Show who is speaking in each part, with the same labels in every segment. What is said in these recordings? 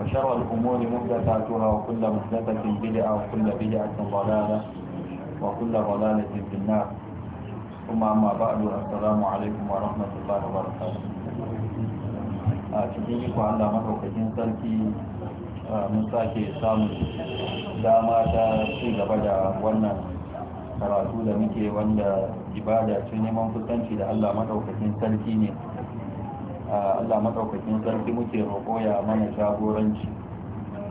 Speaker 1: وشر الأمور محدثاتها وكل محدثة بدعة وكل بدعة ضلالة وكل ضلالة في النار ثم أما بعد السلام عليكم ورحمة الله وبركاته cikin iko Allah maɗaukakin sarki mun sake samun dama ta ci gaba da wannan karatu da muke wanda ibada ce neman kusanci da Allah maɗaukakin sarki ne Allah madaukakin sarki muke roƙo ya mana jagoranci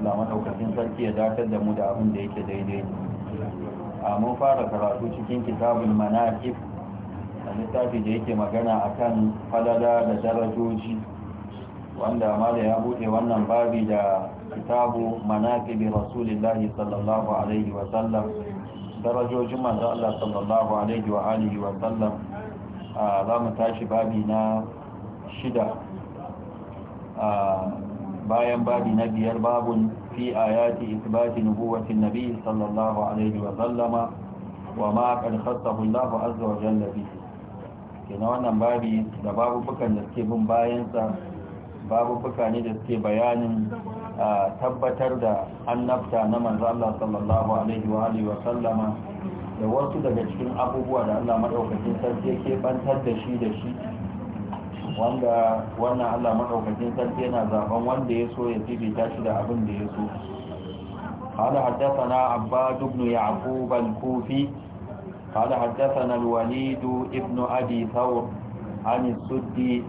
Speaker 1: Allah madaukakin sarki ya dakar da mu da abin da yake daidai a mun fara karatu cikin kitabul manaqib a littafi da yake magana akan falala da darajoji wanda mala ya bude wannan babi da kitabu manaqib rasulullahi sallallahu alaihi wa sallam darajojin manzo Allah sallallahu alaihi wa alihi wa sallam za mu tashi babi na shida bayan babi na biyar babun fi ayati isbatin nubuwatin nabi sallallahu alaihi wa sallama wa ma qad khassahu Allahu azza wa jalla bihi wannan babi da babubukan da suke bin bayansa babu babubuka ne da suke bayanin tabbatar da annabta na manzo Allah sallallahu alaihi wa alihi wa sallama da wasu daga cikin abubuwa da Allah madaukakin sarki yake bantar da shi da shi wanda wannan allah maɗaukakin sarki yana zaɓen wanda ya so ya fifita shi da abin da ya so hada haddasa na abba dubnu ya abubuwan kofi hada haddasa na walidu ibnu abi saur an suddi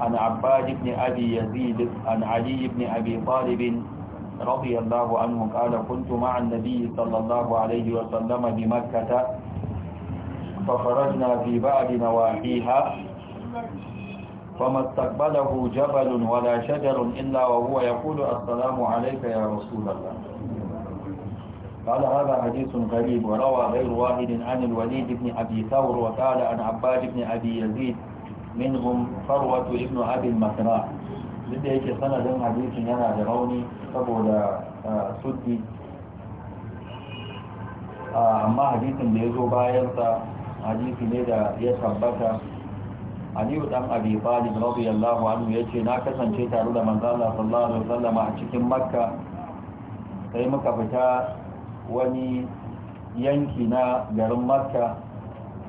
Speaker 1: an abba ibni abi yazid an ali ibni abi talibin رضي الله عنه قال كنت مع النبي صلى الله عليه وسلم بمكة ففرجنا في بعد نواحيها فما استقبله جبل ولا شجر إلا وهو يقول السلام عليك يا رسول الله قال هذا حديث غريب وروى غير واحد عن الوليد بن أبي ثور وقال عن عباد بن أبي يزيد منهم فروة ابن أبي المسراء لدى هيك سنة sanadin حديث انا da rauni saboda suddi حديث hadisin da ya zo bayansa aliyu dan abi talib radiyallahu anhu yace na kasance tare da manzo Allah sallallahu alaihi wasallam a cikin makka sai muka fita wani yanki na garin makka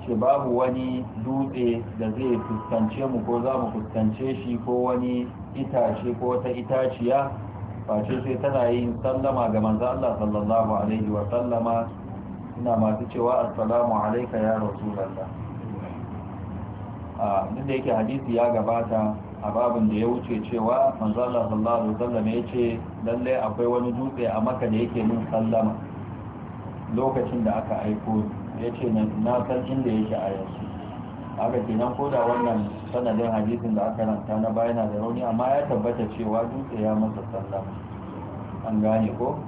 Speaker 1: ce babu wani dutse da zai fuskance mu ko za mu fuskance shi ko wani itace ko wata itaciya face sai tana yin sallama ga manzo Allah sallallahu alaihi wa sallama ina masu cewa assalamu alayka ya rasulullah ba da yake hadisi ya gabata a babin da ya wuce cewa manzallar sallallahu alaihi wasallam ya ce lalle akwai wani dutse a maka da yake min sallama lokacin da aka aiko ya ce na san inda yake a yanzu haka kenan ko da wannan sanadin hadisin da aka ranta na baya na da rauni amma ya tabbata cewa dutse ya masa sallama an gane ko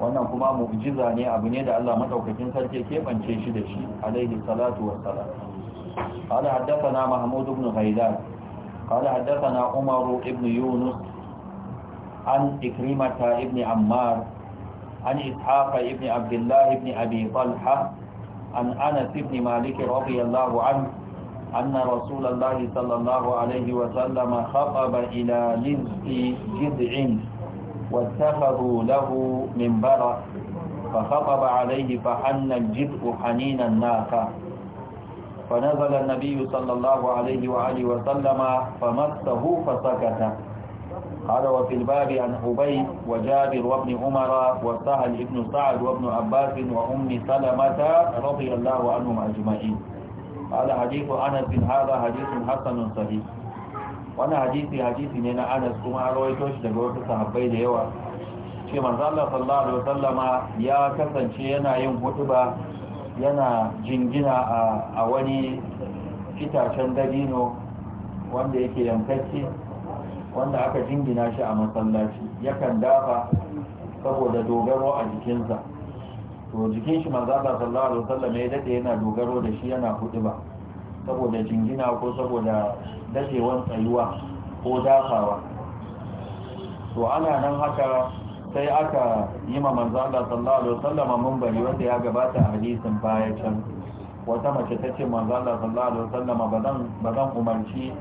Speaker 1: wannan kuma mu'jiza ne abu ne da Allah madaukakin sarki keɓance shi da shi alaihi salatu wassalam قال حدثنا محمود بن غيلان قال حدثنا عمر بن يونس عن إكرمة ابن عمار عن إسحاق ابن عبد الله ابن أبي طلحة عن أنس بن مالك رضي الله عنه أن رسول الله صلى الله عليه وسلم خطب إلى نزق جذع واتخذوا له منبرا فخطب عليه فحن الجذع حنين الناقة فنزل النبي صلى الله عليه وآله وسلم فمسه فسكت هذا وفي الباب عن أبي وجابر وابن عمر وسهل ابن سعد وابن عباس وأم سلمة رضي الله عنهم أجمعين هذا حديث أنس هذا حديث حسن صحيح وانا حديثي حديثي نينا أنس كما رويتوش دقوة صحبي ديوة شيء من الله صلى الله عليه وسلم يا كسن شيئنا يوم خطبة yana jingina a wani itacen dabino wanda yake yankacce wanda aka jingina shi a masallaci yakan dafa saboda dogaro a jikinsa to jikin shi manzala sallawa da wasallam ya daɗe yana dogaro da shi yana kuɗi ba saboda jingina ko saboda dadewan tsayuwa ko dafawa to ana nan haka sai aka yi ma manzo Allah sallallahu alaihi wasallam bari wanda ya gabata a hadisin baya can wata mace ta ce manzo Allah sallallahu alaihi wasallam bazan bazan umarci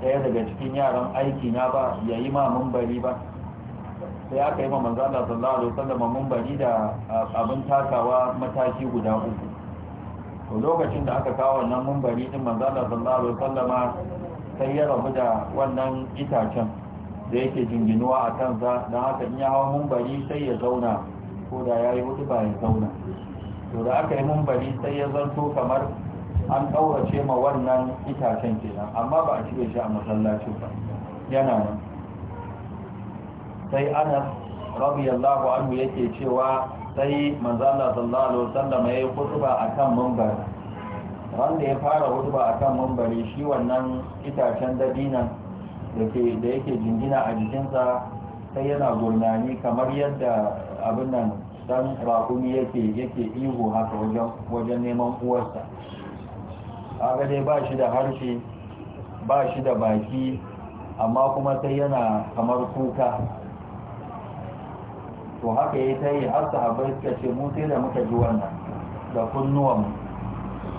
Speaker 1: ɗaya daga cikin yaran aiki na ba ya yi ma bari ba sai aka yi ma manzo Allah sallallahu alaihi wasallam bari da abin takawa mataki guda uku to lokacin da aka kawo wannan bari din manzo Allah sallallahu alaihi wasallama sai ya rabu da wannan itacen da yake jinginuwa a kansa don haka in ya hawa mumbari sai ya zauna ko da ya yi hudu bayan zauna to da aka yi mumbari sai ya zanto kamar an ɗaurace ma wannan itacen kenan amma ba a cire shi a masallacin ba yana nan sai anas yallahu anhu yake cewa sai manzala sallallahu alaihi ya yi a kan mumbari wanda ya fara a kan mumbari shi wannan itacen dadinan da yake jingina a jikinsa sai yana gurnani kamar yadda abin nan dan rakumi yake yake ihu haka wajen neman uwarsa aga dai ba shi da harshe ba shi da baki amma kuma sai yana kamar kuka to haka yayi ta yi har sahabbai suka ce mu sai da muka ji wannan da kunnuwan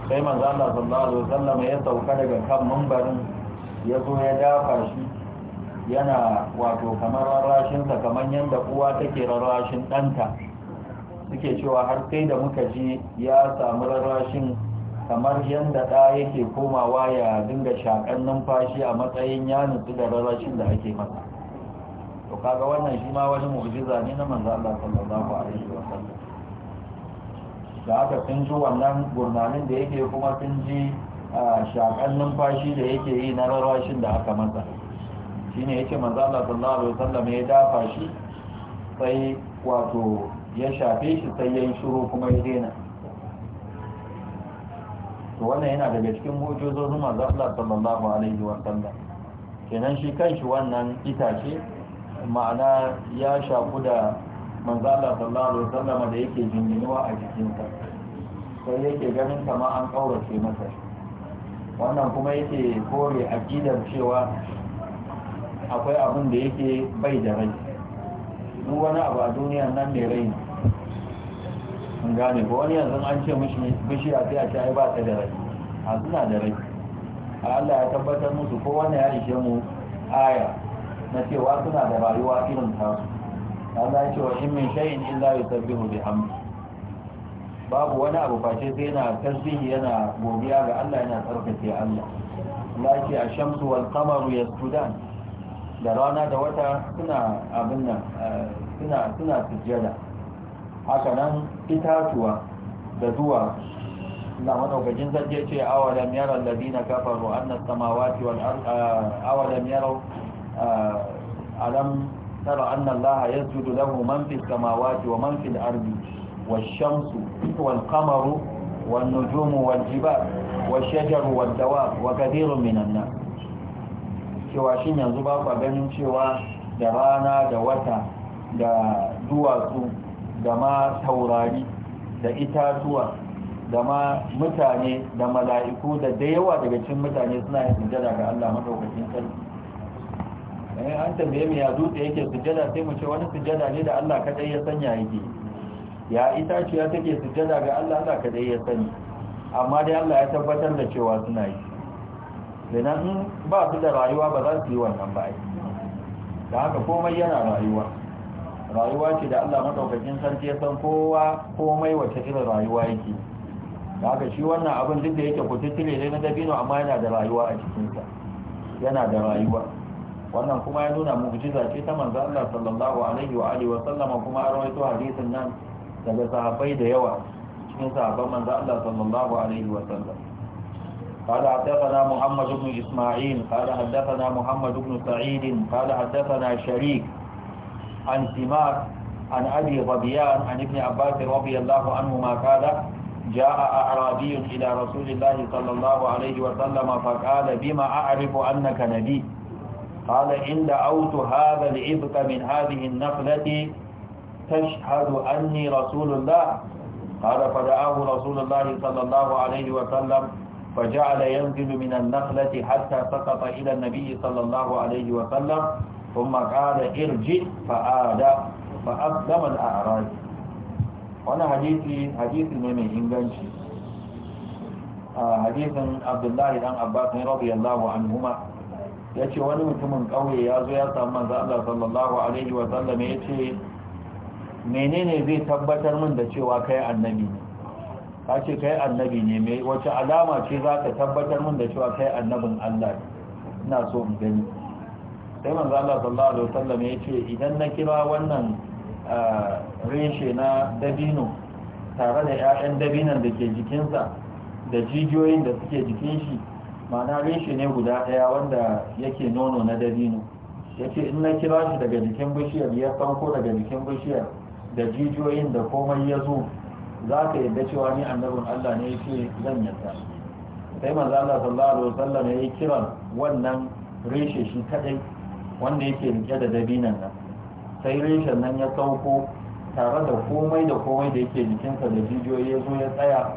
Speaker 1: sai manzo Allah sallallahu alaihi wasallam ya sauka daga kan mambarin ya zo ya dafa shi yana wato kamar rarrashinsa kamar yadda uwa take rarrashin ɗanta suke cewa har sai da muka ji ya samu rarrashin kamar yadda ɗa yake komawa ya dinga shaƙan numfashi a matsayin ya nutsu da rarrashin da ake masa to kaga wannan shi ma wani mu'jiza ne na manzo Allah sallallahu alaihi wa sallam da aka sun ji wannan gurnanin da yake kuma sun ji A shakan numfashi da yake yi na rarrashin da aka masa shi ne yake manzala sallallahu alaihi wasallam ya dafa shi sai wato ya shafe shi sai ya yi shuru kuma ya daina to wannan yana daga cikin mujizozin manzala sallallahu alaihi wasallam kenan shi kanshi wannan itace ma'ana ya shaku da manzala sallallahu alaihi wasallam da yake jinginuwa a jikinsa sai yake ganin kama an kaurace masa shi wannan kuma yake kore aqidar cewa akwai abin da yake bai da rai duk wani abu a duniya nan mai rai sun gane ko wani yanzu an ce mishi bishiya sai a ce ai ba ta da rai a suna da rai A Allah ya tabbatar musu ko wani ya ishe mu aya na cewa suna da rayuwa irin tasu Allah ya ce wa in min shay'in illa bi hamdi babu wani abu face sai yana tasbihi yana godiya ga Allah yana tsarkake Allah laki a shamsu wal qamaru yasjudan da rana da wata suna abin nan eh, suna suna sujjada haka nan itatuwa da duwa Allah madaukakin sarki ya ce awalam yara alladina kafaru anna samawati wal eh, awalam yara eh, alam tara anna Allah yasjudu lahu man fis samawati wa man fil ardi والشمس والقمر والنجوم والجبال والشجر والدواب وكثير من الناس cewa shin yanzu ba ku ganin cewa da rana da wata da duwatsu da ma taurari da itatuwa da ma mutane da mala'iku da da yawa daga cin mutane suna yin sujada ga Allah madaukakin sarki eh an tambaye mu ya dutse yake sujada sai mu ce wani sujada ne da Allah kadai ya sanya yake ya ita ce ya take sujada ga Allah Allah dai ya sani amma dai Allah ya tabbatar da cewa suna yi in ba su da rayuwa ba za su yi wannan ba da haka komai yana rayuwa rayuwa ce da Allah madaukakin sarki ya san kowa komai wace irin rayuwa yake da haka shi wannan abin duk da yake kututtule ne na dabino amma yana da rayuwa a cikinsa yana da rayuwa wannan kuma ya nuna mu'jiza ce ta manzo Allah sallallahu alaihi wa alihi wa sallama kuma a rawaito hadisin nan daga sahabai da yawa cikin sahabban manzo Allah sallallahu alaihi wa sallam قال حدثنا محمد بن إسماعيل قال حدثنا محمد بن سعيد قال حدثنا شريك عن سماك عن أبي غبيان عن ابن عباس رضي الله عنهما قال جاء أعرابي إلى رسول الله صلى الله عليه وسلم فقال بما أعرف أنك نبي قال إن دعوت هذا العبق من هذه النخلة تشهد أني رسول الله قال فدعاه رسول الله صلى الله عليه وسلم فجعل ينزل من النخلة حتى سقط إلى النبي صلى الله عليه وسلم ثم قال ارجع فآدى فأقدم wani hadisi ne mai inganci a hadisin abdullahi dan abbas ne rabu yallahu an huma wani mutumin ƙauye ya zo ya samu manzan allah sallallahu alaihi wasallam ya ce menene zai tabbatar min da cewa kai annabi ne ka ce kai annabi ne mai wace alama ce za ka tabbatar min da cewa kai annabin Allah ina so in gani sai manzo Allah sallallahu alaihi wasallam ya ce idan na kira wannan reshe na dabino tare da 'ya'yan dabinan da ke jikinsa da jijiyoyin da suke jikin shi ma'ana reshe ne guda ɗaya wanda yake nono na dabino yace in na kira shi daga jikin bishiyar ya sauko daga jikin bishiyar da jijiyoyin da komai ya zo za ka yadda cewa ni annabin Allah ne yake zan yadda sai manzo Allah sallallahu alaihi wasallam ya kira wannan reshe shi kadai wanda yake rike da dabinan nan sai reshen nan ya sauko tare da komai da komai da yake jikinsa da jijiyoyi ya zo ya tsaya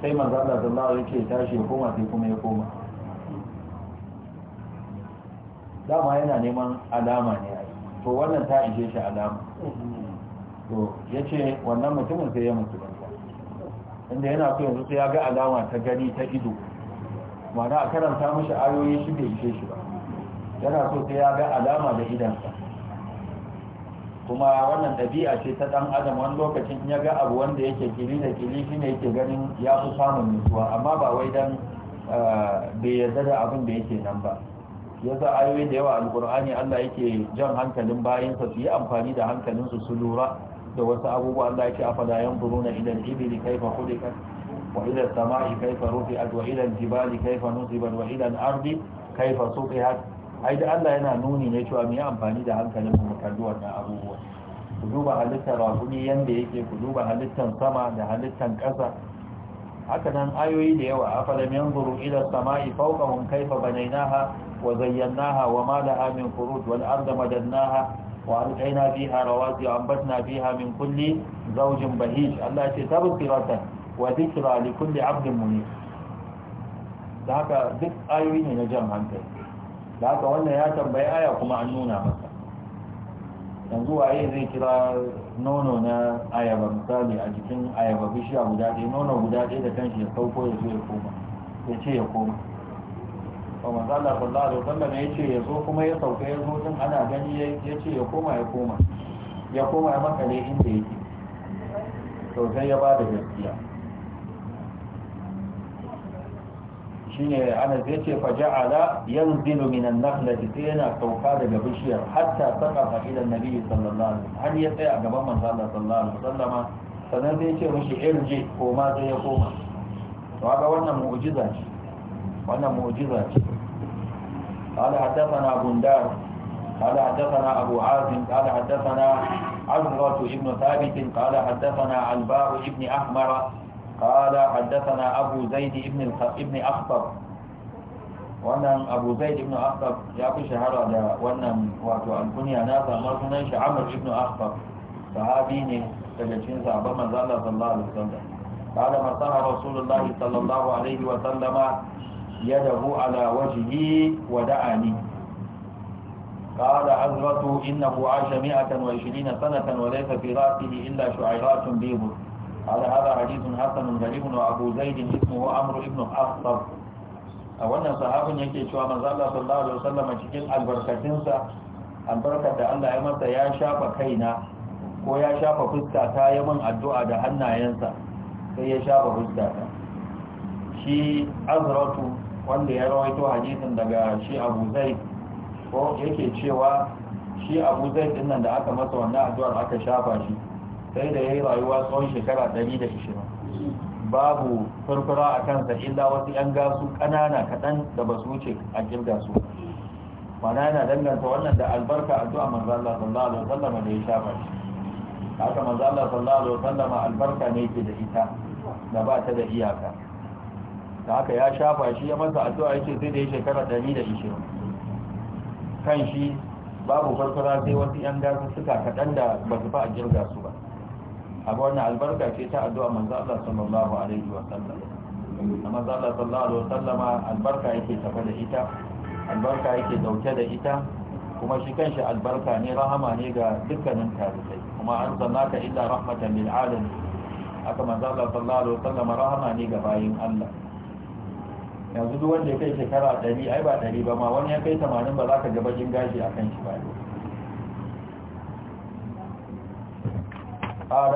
Speaker 1: sai manzo Allah sallallahu alaihi wasallam yake tashi ya koma sai kuma ya koma dama yana neman alama ne to wannan ta ishe shi alama to ya ce wannan mutumin sai ya musulunta inda yana so yanzu sai ya ga alama ta gani ta ido mana a karanta mashi ayoyi shi bai ishe shi ba yana so sai ya ga alama da idansa kuma wannan ɗabi'a ce ta ɗan adam wani lokacin ya ga abu wanda yake kili da kili shi ne yake ganin ya fi samun nutsuwa amma ba wai dan eh, bai yarda da abin da yake nan ba yasa ayoyi da yawa alkur'ani Allah yake jan hankalin bayansa su yi amfani da hankalinsu su lura da wasu abubuwan da ya ce afala yanzuruna ila al-ibli kayfa khuliqat wa ila as-sama'i kayfa rufi'at wa ila jibali kaifa nusibat wa ila al-ardi kayfa suqihat ai da Allah yana nuni ne cewa mu yi amfani da hankalin mu kalli wannan abubuwa ku duba halittar rahuni yanda yake ku duba halittar sama da halittar ƙasa haka nan ayoyi da yawa afalam yanzuru ila as-sama'i fawqahum kayfa banaynaha wa zayyanaha wa ma laha min furuj wal arda madannaha وألقينا فيها رواسي وأنبتنا فيها من كل زوج بهيج الله تبصرة وذكرى لكل عبد منيب da haka duk ayoyi ne na jan hankali da haka wannan ya tambayi aya kuma an nuna masa yanzu waye zai kira nono na ayaba misali a jikin ayaba bishiya guda ɗaya nono guda ɗaya da kanshi ya sauko ya zo ya koma ya ce ya koma to manzo Allah sallallahu da wasallam ya ce ya zo kuma ya sauka ya zo din ana gani ya ce ya koma ya koma ya koma ya makale inda yake to sai ya bada gaskiya shine ana zai ce faja'ala yanzilu min an-nakhlati sai yana sauka daga bishiyar hatta saka ila na nabi sallallahu alaihi wasallam har ya tsaya gaban manzo Allah sallallahu alaihi wasallama sannan zai ce mishi irji koma sai ya koma to ga wannan mu'jiza ce wannan mu'jiza ce قال حدثنا بندار قال حدثنا أبو عازم قال حدثنا عزرة بن ثابت قال حدثنا عنبار بن أحمر قال حدثنا أبو زيد بن ابن أخطب wannan abu zaid ibn akhtab ya fi shahara da wannan wato alkunya na amma sunan shi amr ibn akhtab sahabi ne daga cikin sahabban manzo Allah sallallahu alaihi wasallam qala masaha rasulullahi sallallahu alaihi يده على وجهه ودعاني قال عزرته إنه عاش مئة وعشرين سنة وليس في رأسه إلا شعيرات بيض قال هذا حديث حسن غريب وأبو زيد اسمه أمر ابن أخطب أولا صحاب يكي شوى مزالة صلى الله عليه وسلم شكل البركتنسى البركة الله يمسى يا شاف كينا ويا شاف فسكة يمن الدعاء دهنا ينسى sai ya shafa fuska ta shi azratu wanda ya rawaito hadisin daga shi abu zai ko yake cewa shi abu zai dinnan da aka masa wannan addu'ar aka shafa shi sai da ya yi rayuwa tsawon shekara 120 babu furfura a kansa illa wasu 'yan gasu ƙanana kaɗan da ba su wuce a kirga su mana yana danganta wannan da albarka addu'a manzo Allah sallallahu alaihi wasallam da ya shafa shi haka manzo Allah sallallahu alaihi wasallam albarka ne ke da ita da ba ta da iyaka da haka ya shafa shi ya masa addu'a yake sai da ya shekara 120 kan shi babu farfara sai wasu yan gasu suka kaɗan da ba su fa a girga su ba abu wannan albarka ce ta addu'a manzo Allah sallallahu alaihi wa sallam amma Allah sallallahu alaihi wa sallama albarka yake tafa da ita albarka yake dauke da ita kuma shi kanshi albarka ne rahama ne ga dukkanin tarihi kuma an sanaka illa rahmatan lil alamin aka manzo Allah sallallahu alaihi wa sallama rahama ne ga bayin Allah yanzu duk wanda ya kai shekara ɗari ai ba ɗari ba ma wani ya kai tamanin ba za ka gaba jin gashi a kan shi ba ne قال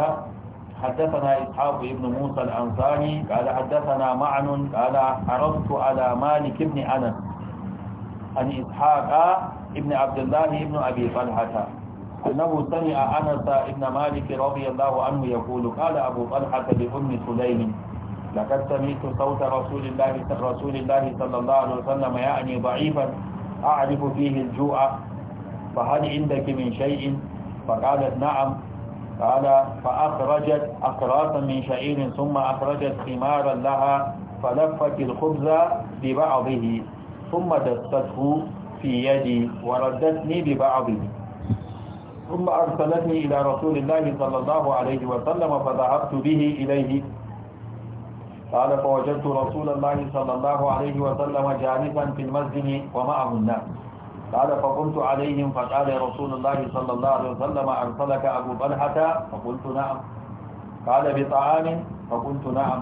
Speaker 1: حدثنا إسحاق بن موسى الأنصاري قال حدثنا معن قال عرفت على مالك بن أنس عن إسحاق ابن عبد الله ابن أبي طلحة أنه سمع أنس ابن مالك رضي الله عنه يقول قال أبو طلحة لأم سليم لقد سمعت صوت رسول الله رسول الله صلى الله عليه وسلم يعني ضعيفا أعرف فيه الجوع فهل عندك من شيء فقالت نعم قال فأخرجت أقراصا من شعير ثم أخرجت خمارا لها فلفت الخبز ببعضه ثم دسته في يدي وردتني ببعضه ثم أرسلتني إلى رسول الله صلى الله عليه وسلم فذهبت به إليه قال فوجدت رسول الله صلى الله عليه وسلم جالسا في المسجد ومعه الناس قال فقمت عليهم فقال رسول الله صلى الله عليه وسلم أرسلك أبو طلحة فقلت نعم قال بطعام فقلت نعم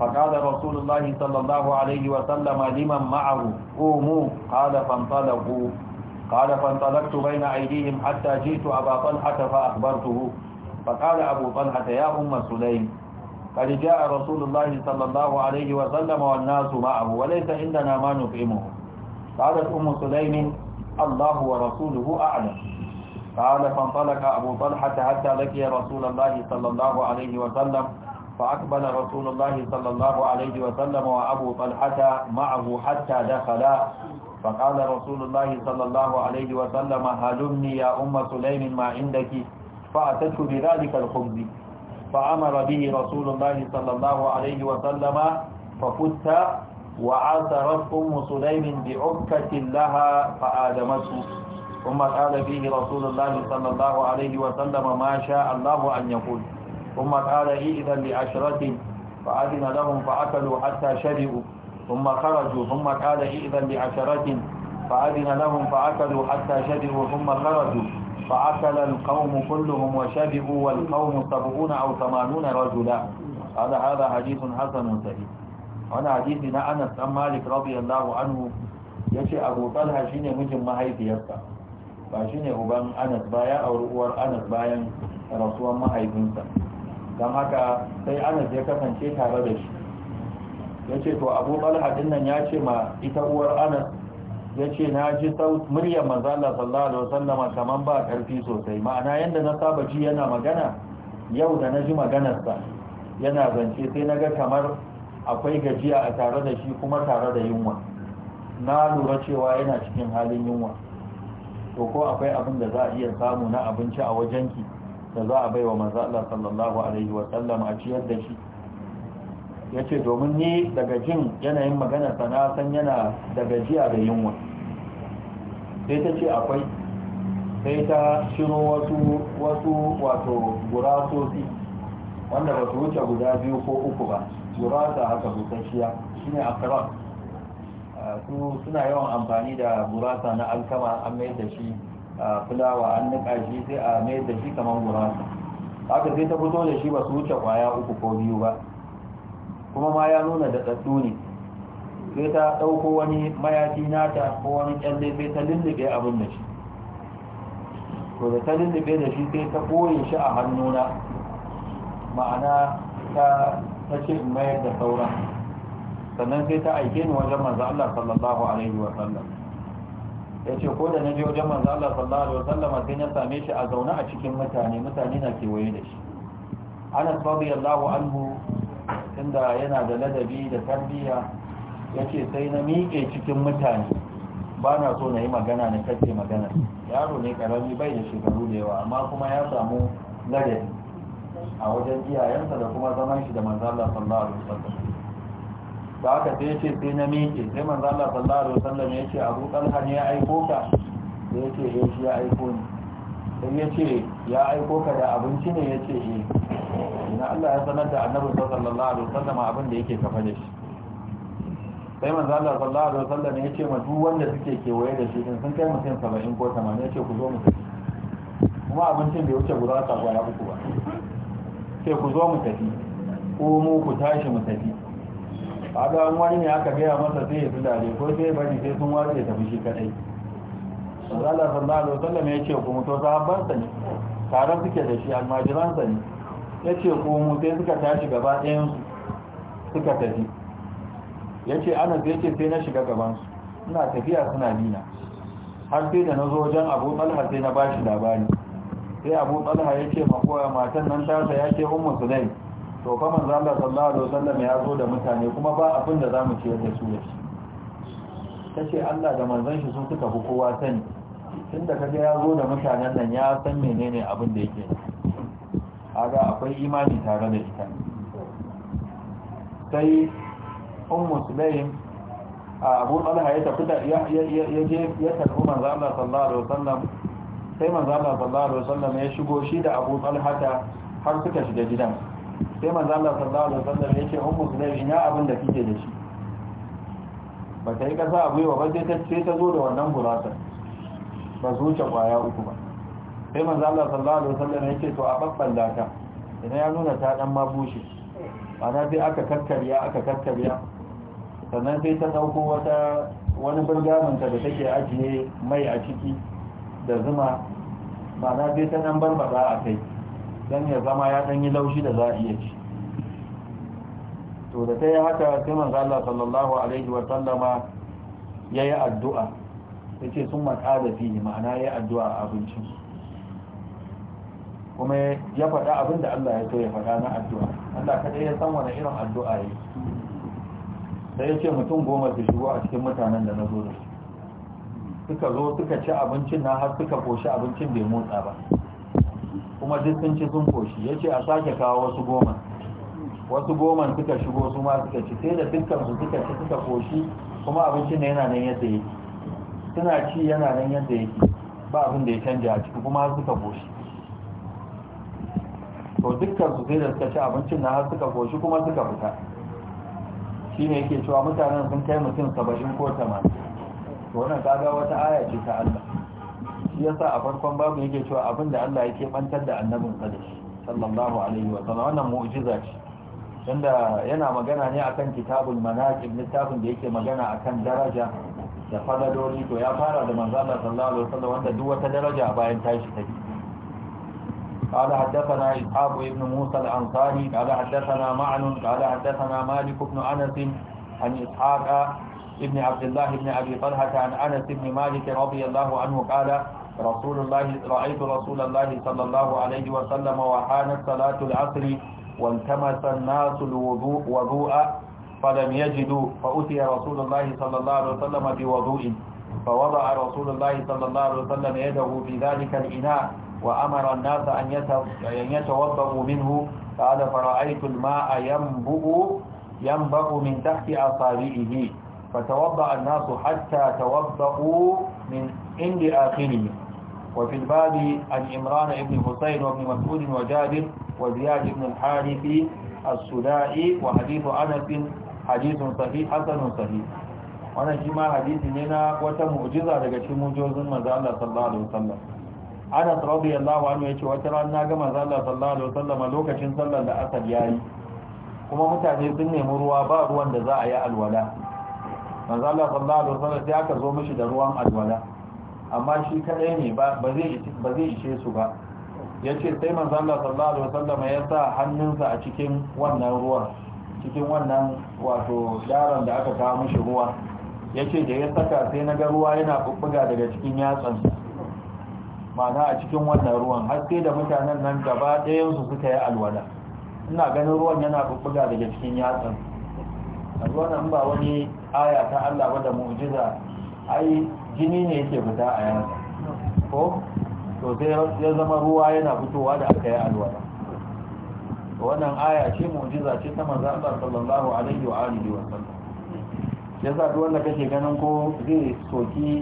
Speaker 1: فقال رسول الله صلى الله عليه وسلم لمن معه قوموا قال فانطلقوا قال فانطلقت بين أيديهم حتى جئت أبا طلحة فأخبرته فقال أبو طلحة يا أم سليم قد جاء رسول الله صلى الله عليه وسلم والناس معه وليس عندنا ما نفهمه قالت أم سليم الله ورسوله أعلم قال فانطلق أبو طلحة حتى لكي رسول الله صلى الله عليه وسلم فأقبل رسول الله صلى الله عليه وسلم وأبو طلحة معه حتى دخلا فقال رسول الله صلى الله عليه وسلم هلمني يا أم سليم ما عندك فأتته بذلك الخبز فأمر به رسول الله صلى الله عليه وسلم ففت وعثرت أم سليم بعكة لها فآدمته ثم قال فيه رسول الله صلى الله عليه وسلم ما شاء الله أن يقول ثم قال إذا لعشرة فأذن لهم فأكلوا حتى شبعوا ثم خرجوا ثم قال إذا لعشرة فأذن لهم فأكلوا حتى شبعوا ثم خرجوا فأكل القوم كلهم وشبعوا والقوم سبعون أو ثمانون رجلا هذا هذا حديث حسن صحيح وانا حديث نا أنس أم مالك رضي الله عنه يشي أبو طلحة شيني مجم ما هي فيسا فشيني أبان أنس بايا أو رؤور أنس بايا رسول ما هي فيسا don haka sai anas ya kasance tare da shi ya ce to abu ɗalha dinnan ya ce ma ita uwar anas ya ce na ji muryar manzala sallallahu alaihi wasallama kaman ba karfi sosai ma'ana yadda na saba ji yana magana yau da na ji maganarsa yana zance sai na ga kamar akwai gajiya a tare da shi kuma tare da yunwa na lura cewa yana cikin halin yunwa to ko akwai abin da za a iya samu na abinci a wajenki da za a baiwa manzala sallallahu alaihi wasallama a ciyar da shi ya ce domin ni daga jin yanayin magana sana san yana da gajiya da yunwa sai ta ce akwai sai ta shiro wasu wasu wato gurasosi wanda ba su wuce guda biyu ko uku ba gurasa haka busasshiya shine akram su suna yawan amfani da gurasa na alkama an mai da shi fulawa an nika shi sai a mai da shi kamar gurasa haka sai ta fito da shi ba su wuce kwaya uku ko biyu ba kuma ma ya nuna da tsatsu ne sai ta ɗauko wani mayafi nata ko wani kyalle sai ta lullube abin da shi to da ta lullube da shi sai ta koye shi a hannuna ma'ana ta ce in mayar da sauran sannan sai ta aike ni wajen manzo Allah sallallahu alaihi wa sallam ya ce ko da na je wajen manzo Allah sallallahu alaihi wa sallam sai na same shi a zaune a cikin mutane mutane na kewaye da shi Anas radiyallahu anhu tunda yana da ladabi da tarbiyya yace sai na miƙe cikin mutane ba na so na yi magana na kace magana yaro ne karami bai da shekaru da yawa amma kuma ya samu ladabi a wajen iyayensa da kuma zaman shi da manzala Allah sallallahu alaihi wasallam da aka sai yace sai na miƙe sai manzala Allah sallallahu alaihi wasallam yace Abu kalha ne ya aiko ka yace eh shi ya aiko ni sai yace ya aiko ka da abinci ne yace eh Ina Allah ya sanar da annabi sallallahu alaihi wasallam abin da yake kafa da shi sai manzo Allah sallallahu alaihi wasallam ya ce ma duk wanda suke kewaye da shi sun kai mutum 70 ko 80 ya ce ku zo mu tafi kuma abincin da ya wuce guda ta gwara uku ba sai ku zo mu tafi ko mu ku tashi mu tafi kaga an wani ne aka gaya masa sai ya fulale ko sai bari sai sun wace tafi shi kadai Allah sallallahu alaihi wasallam ya ce ku mutu sahabban sa ne tare suke da shi almajiran sa ne ya ce komo sai suka tashi gaba ɗayan suka tafi ya ce ana zai ce sai na shiga gabansu suna tafiya suna nina har sai da na zo wajen abu tsalha sai na bashi labari sai abu tsalha ya ce makowa matan nan tasa ya ce su nai to fa manzo Allah sallallahu alaihi wasallam ya zo da mutane kuma ba abin da zamu ce da su da shi ce Allah da manzon shi sun suka fi kowa sani tunda kaga ya zo da mutanen nan ya san menene abin da yake kaga akwai imani tare da ita sai ummu sulaim a abu talha ya tafi da ya je ya tarbi manzo Allah sallallahu alaihi wasallam sai manzo Allah sallallahu alaihi wasallam ya shigo shi da abu talha ta har suka shiga gidan sai manzo Allah sallallahu alaihi wasallam ya ce ummu sulaim ya abin da kike da shi ba ta yi kasa abu yawa ba sai ta ce ta zo da wannan burasa ba zuce kwaya uku ba sai manzo Allah sallallahu alaihi wasallam yake to a babballa ta idan ya nuna ta dan bushe ana sai aka karkarya aka karkarya sannan sai ta dauko wata wani burgamanta da take ajiye mai a ciki da zuma ma'ana sai ta nan barbada a kai don ya zama ya dan yi laushi da za a iya ci to da ta yi haka sai manzo Allah sallallahu alaihi wa sallama yi addu'a ce sun makala fihi ma'ana ya yi addu'a abincin kuma ya faɗa abin da Allah ya so ya faɗa na addu'a Allah kaɗai ya san wani irin addu'a yi sai ya ce mutum goma su shigo a cikin mutanen da na zo da suka zo suka ci abincin na har suka koshi abincin bai motsa ba kuma duk sun ci sun koshi ya ce a sake kawo wasu goma wasu goma suka shigo su ma suka ci sai da dukkan su suka ci suka koshi kuma abincin na yana nan yadda yake suna ci yana nan yadda yake ba abin da ya canja a ciki kuma suka koshi to dukkan su sai da suka ci abincin na har suka goshi kuma suka fita shi ne yake cewa mutanen sun kai mutum saba'in ko tamanin to wannan kaga wata aya ce ta Allah shi yasa a farkon babu yake cewa abin da Allah yake bantar da annabin sa shi sallallahu alaihi wa sallam wannan mu'jiza ce tunda yana magana ne akan kitabul manaqib littafin da yake magana akan daraja da fadadori to ya fara da manzo Allah sallallahu alaihi wa sallam wanda duk wata daraja bayan tashi take قال حدثنا إسحاق بن موسى الأنصاري قال حدثنا معن قال حدثنا مالك بن أنس عن إسحاق ابن عبد الله بن أبي طلحة عن أنس بن مالك رضي الله عنه قال رسول الله رأيت رسول الله صلى الله عليه وسلم وحانت صلاة العصر والتمس الناس الوضوء وضوء فلم يجدوا فأتي رسول الله صلى الله عليه وسلم بوضوء فوضع رسول الله صلى الله عليه وسلم يده في ذلك الإناء وأمر الناس أن يتوضأوا منه قال فرأيت الماء ينبؤ ينبؤ من تحت أصابعه فتوضأ الناس حتى توضأوا من عند آخره وفي الباب عن عمران بن حسين وابن مسعود وجابر وزياد بن الحارث السدائي وحديث أنس حديث صحيح حسن صحيح وانا شما حديث لنا وتمعجزة لكي مجوز من ذا الله صلى الله عليه وسلم anas radiyallahu anhu yace wata ran na ga manzo Allah sallallahu alaihi wasallam lokacin sallar da asar yayi kuma mutane sun nemi ruwa ba ruwan da za a yi alwala manzo Allah sallallahu alaihi wasallam sai aka zo mishi da ruwan alwala amma shi kadai ne ba zai ba zai ishe su ba yace sai manzo Allah sallallahu alaihi wasallam ya sa hannunsa a cikin wannan ruwan cikin wannan wato daren da aka kawo mishi ruwa yace da ya saka sai na ga ruwa yana bubbuga daga cikin yatsansa ma'ana a cikin wannan ruwan har sai da mutanen nan gaba ɗayansu suka yi alwala ina ganin ruwan yana bubbuga daga cikin yatsan a nan, ba wani aya ta Allah ba da mu'jiza ai jini ne yake fita a yatsa ko to sai ya zama ruwa yana fitowa da aka yi alwala wannan aya ce mu'jiza ce ta manzo Allah sallallahu alaihi wa alihi wa sallam yasa duk wanda kake ganin ko zai soki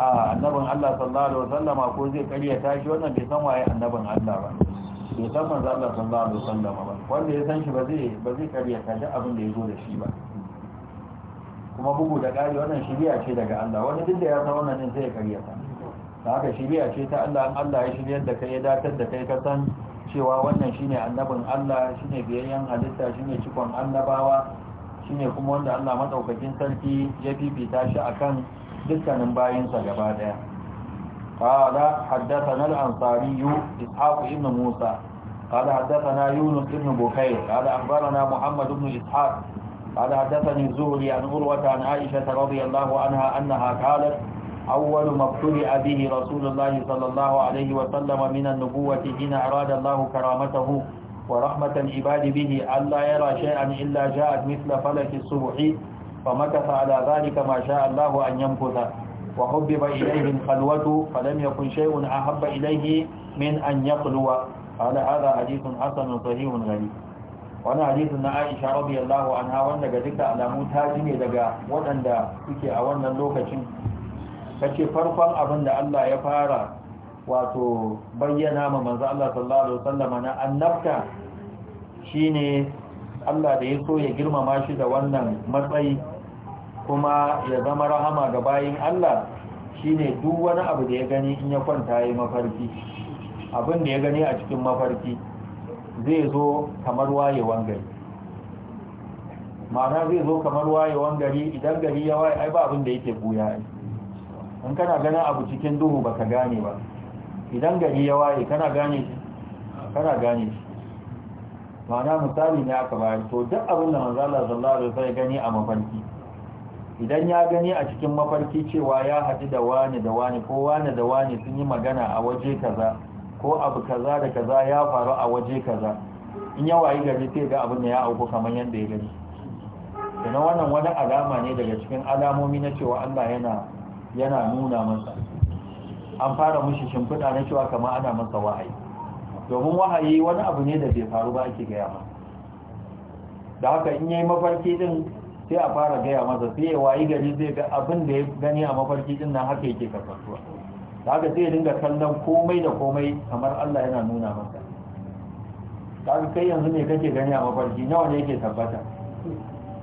Speaker 1: a annabin Allah sallallahu alaihi wasallama ko zai kariya tashi wannan bai san waye annabin Allah ba bai san manzo Allah sallallahu alaihi wasallama ba wanda ya san shi ba zai ba zai kariya tashi abin da ya zo da shi ba kuma bugu da ƙari wannan shiriya ce daga Allah wani duk da ya san wannan din zai kariya ta da haka shiriya ce ta Allah in Allah ya shiryar da kai ya datar da kai ka san cewa wannan shine annabin Allah shine biyayyen halitta shine cikon annabawa shine kuma wanda Allah madaukakin sarki ya fifita shi akan dukkanin bayansa gaba daya qala na al-ansari ishaq ibn musa qala haddathana yunus ibn bukayr qala akhbarana muhammad ibn ishaq qala haddathani zuhri an urwata an aisha radhiyallahu anha annaha qalat اول ما قتل ابي رسول الله صلى الله عليه وسلم من النبوه حين اراد الله كرامته ورحمه العباد به الا يرى شيئا الا جاءت مثل فلك الصبح فمكث على ذلك ما شاء الله أن يمكث وحبب إليه الخلوة فلم يكن شيء أحب إليه من أن يخلو قال هذا حديث حسن صحيح غريب wani hadisin na Aisha radiyallahu anha wanda daga duka alamu ta ji daga waɗanda suke a wannan lokacin kace farkon abin da Allah ya fara wato bayyana ma manzo Allah sallallahu alaihi na annabta shine Allah da ya so ya girmama shi da wannan matsayi kuma ya zama rahama ga bayin Allah shine duk wani abu da ya gani in ya kwanta ya mafarki abin da ya gani a cikin mafarki zai zo kamar wayewan gari ma'ana zai zo kamar wayewan gari idan gari ya waye ai ba abin da yake buya in kana ganin abu cikin duhu baka gane ba idan gari ya waye kana gane shi kana gane shi Mana misali ne aka bayar to duk abin da manzo Allah sallallahu alaihi wasallam gani a mafarki idan ya gani a cikin mafarki cewa ya haɗu da wani da wani ko wani da wani sun yi magana a waje kaza ko abu kaza da kaza ya faru a waje kaza in ya wayi gari sai ga abin da ya auku kamar yadda ya gani sannan wannan wani alama ne daga cikin alamomi na cewa Allah yana yana nuna masa an fara mushi shimfiɗa na cewa kamar ana masa wahayi domin wahayi wani abu ne da bai faru ba ake gaya masa da haka in yayi mafarki din sai a fara gaya masa sai ya wayi gari zai ga abin da ya gani a mafarki din nan haka yake kasantuwa da haka sai ya dinga kallon komai da komai kamar Allah yana nuna masa da haka kai yanzu ne kake gani a mafarki nawa ne yake tabbata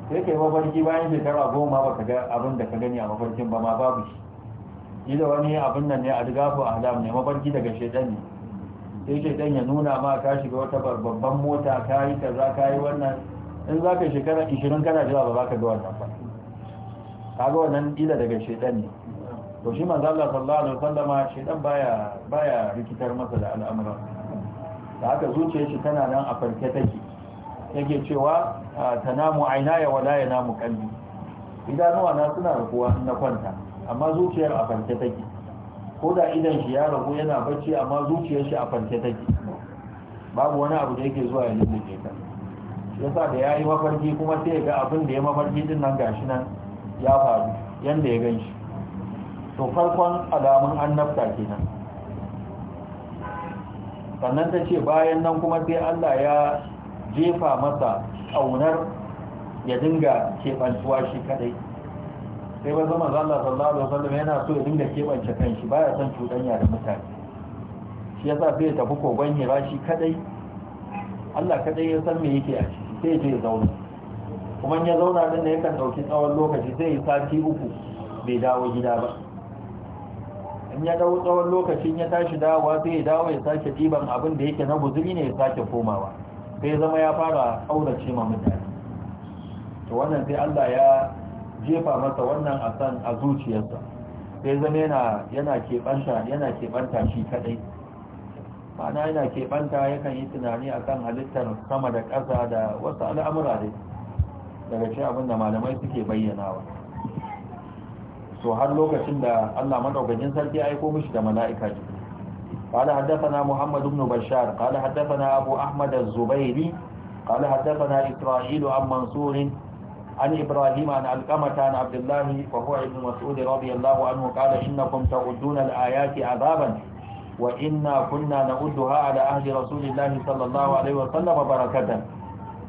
Speaker 1: sai kai mafarki bayan shekara goma ba ka ga abin da ka gani a mafarkin ba ma babu shi ida wani abin nan ne a rigafu ahlam ne mafarki daga shaidan ne sai shaidan ya nuna ma ka shiga wata babban mota ka yi ka za ka yi wannan in za ka shekara 20 kana jira ba za ka ga wannan ba ka ga wannan ila daga shaidan ne to shi manzo Allah sallallahu alaihi wasallama shaidan baya baya rikitar masa da al'amura da haka zuciyar shi tana nan a farke take yake cewa tanamu ya wala yanamu qalbi idanuwa na suna rukuwa kowa na kwanta amma zuciyar a farke take ko da idan shi ya ragu yana bacci amma zuciyar shi a fance take babu wani abu da yake zuwa ya ke ka yasa da yayi yi mafarki kuma sai ya ga abin da ya mafarki din nan gashi nan ya faru yanda ya ganshi to farkon alamun annabta kenan sannan ta ce bayan nan kuma sai Allah ya jefa masa ƙaunar ya dinga keɓantuwa shi kadai sai ba zama zalla sallallahu alaihi wasallam yana so ya dinga kebance shi baya son cuɗanya da mutane shi yasa sai ya tafi kogon hira shi kadai Allah kadai ya san me yake a ciki sai ya je ya zauna kuma ya zauna din da yakan dauki tsawon lokaci sai ya sati uku bai dawo gida ba in ya dawo tsawon lokacin ya tashi dawowa sai ya dawo ya sake ɗiban abin da yake na guzuri ne ya sake komawa sai zama ya fara aurace ma mutane to wannan sai Allah ya jefa masa wannan a asan a zuciyarsa sai zama yana yana keɓanta yana keɓanta shi kadai ma'ana yana keɓanta yakan yi tunani akan halittar sama da ƙasa da wasu al'amura dai daga ce abinda malamai suke bayyanawa so har lokacin da Allah madaukakin sarki aiko mishi da mala'ika ji قال حدثنا محمد بن بشار قال حدثنا أبو أحمد الزبيري قال حدثنا إسرائيل عن منصور عن إبراهيم عن القمة عن عبد الله فهو ابن مسعود رضي الله عنه قال إنكم تعدون الآيات عذابا وإنا كنا نعدها على أهل رسول الله صلى الله عليه وسلم بركة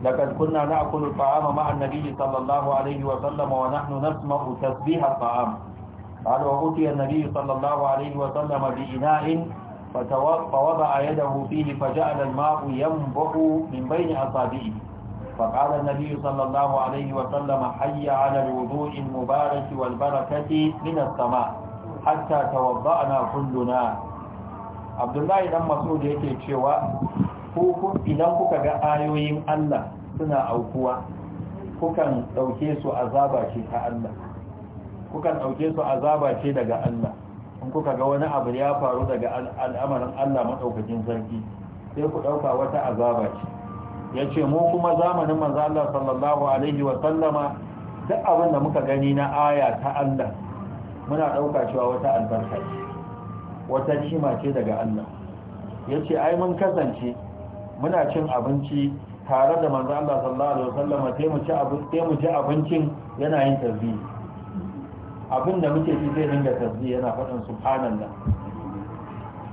Speaker 1: لقد كنا نأكل الطعام مع النبي صلى الله عليه وسلم ونحن نسمع تسبيح الطعام قال وأتي النبي صلى الله عليه وسلم بإناء فوضع يده فيه فجعل الماء ينبع من بين أصابعه فقال النبي صلى الله عليه وسلم حي على الوضوء المبارك والبركة من السماء حتى توضأنا كلنا عبد الله بن مسعود yake cewa ku idan kuka ga ayoyin Allah suna aukuwa kukan dauke su azaba ce ta Allah kukan dauke su azaba ce daga Allah in kuka ga wani abu ya faru daga al'amarin Allah madaukakin sarki sai ku dauka wata azaba ce ya ce mu kuma zamanin manzo Allah sallallahu alaihi wa sallama duk abin da muka gani na aya ta Allah muna ɗauka cewa wata albarka ce wata cima ce daga Allah ya ce ai mun kasance muna cin abinci tare da manzo Allah sallallahu alaihi sallama sai mu ci mu abincin yana yin tarbi abin da muke ci zai dinga tarbi yana faɗin subhanallah